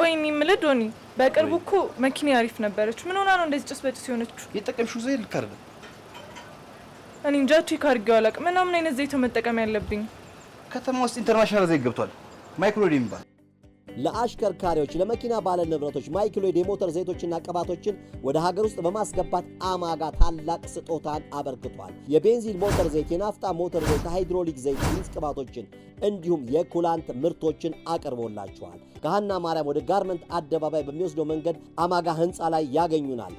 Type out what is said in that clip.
ቆይ እኔ ዶኒ፣ በቅርቡ እኮ መኪና አሪፍ ነበረች። ምን ሆና ነው እንደዚህ ጭስ በጭስ የሆነችው? የጠቀምሽው ዘይት ልክ አይደለም። እኔ እንጃ ቼክ አድርጌው አላውቅም። አይነት ዘይት መጠቀም ያለብኝ ከተማ ውስጥ ኢንተርናሽናል ዘይት ገብቷል፣ ማይክሮዲ የሚባል ለአሽከርካሪዎች፣ ለመኪና ባለንብረቶች ማይክሎይድ የሞተር ዘይቶችና ቅባቶችን ወደ ሀገር ውስጥ በማስገባት አማጋ ታላቅ ስጦታን አበርክቷል። የቤንዚን ሞተር ዘይት፣ የናፍጣ ሞተር ዘይት፣ ሃይድሮሊክ ዘይት፣ ሊንስ ቅባቶችን እንዲሁም የኩላንት ምርቶችን አቅርቦላቸዋል። ከሀና ማርያም ወደ ጋርመንት አደባባይ በሚወስደው መንገድ አማጋ ህንፃ ላይ ያገኙናል።